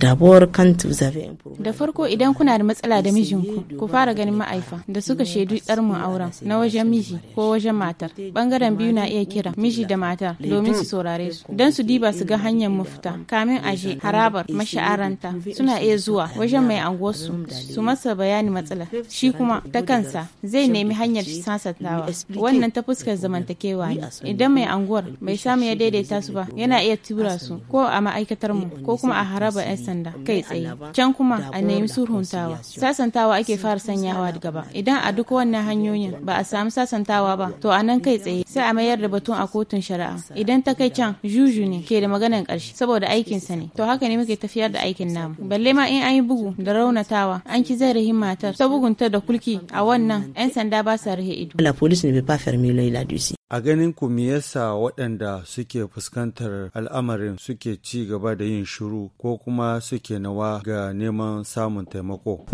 Da farko idan kuna da matsala da mijinku, ku fara ganin ma'aifa da suka shaidu mu auren na wajen miji ko wajen matar. Bangaren biyu na iya kira miji da matar domin su saurare su. Don su diba su ga hanyar mafita. Kamin aje harabar masha'aranta suna iya zuwa wajen mai anguwarsu su masa bayani matsala. Shi kuma ta kansa zai nemi hanyar sasantawa. Wannan ta fuskar zamantakewa ne. Idan mai anguwar bai samu ya daidaita su ba yana iya tura su ko a ma'aikatar mu ko kuma a harabar 'yan sanda kai tsaye can kuma a nemi surhuntawa sasantawa ake fara sanyawa gaba idan a duk wannan hanyoyin ba a samu sasantawa ba to a nan kai tsaye sai a mayar da batun a kotun shari'a idan ta kai can juju ne ke da maganan ƙarshe saboda aikinsa ne to haka ne muke tafiyar da aikin namu balle ma in an yi bugu da raunatawa an ki zarahin matar ta bugunta da kulki a wannan 'yan sanda ba sa rahe ido. La police ne pas fermer l'œil là A ganin ku me yasa waɗanda suke fuskantar al'amarin suke ci gaba da yin shiru ko kuma suke nawa ga neman samun taimako?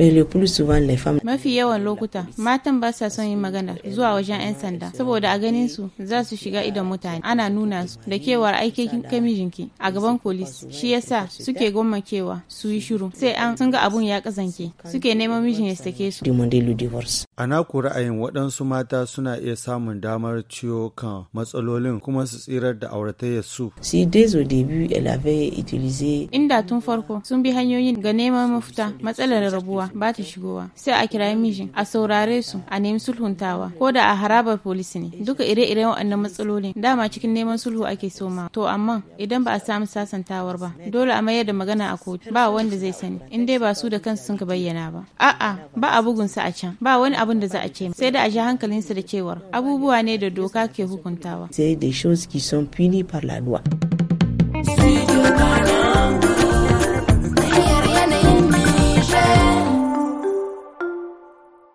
Mafi yawan lokuta matan ba sa son yin magana zuwa wajen 'yan sanda saboda a ganin su za su shiga idan mutane ana nuna su da kewar aikin kamijinki a gaban polis shi yasa suke gwammakewa su yi shiru sai an sun ga abun ya kazanke suke neman mijin ya sake su. A ku ra'ayin waɗansu mata suna iya samun damar ciwo matsalolin kuma su tsirar da auratayyar su. Si dezo debu elave utilize. Inda tun farko sun bi hanyoyin ga neman mafita matsalar rabuwa ba ta shigowa sai a kira mijin a saurare su a nemi sulhuntawa ko da a harabar polisi ne duka ire-iren waɗannan matsalolin dama cikin neman sulhu ake soma to amma idan ba a samu sasantawar ba dole a mayar da magana a kotu ba wanda zai sani in dai ba su da kansu sun ka bayyana ba a'a ba a bugunsa a can ba wani abun da za a ce sai da a ji hankalinsa da cewar abubuwa ne da doka vous des c'est des choses qui sont punies par la loi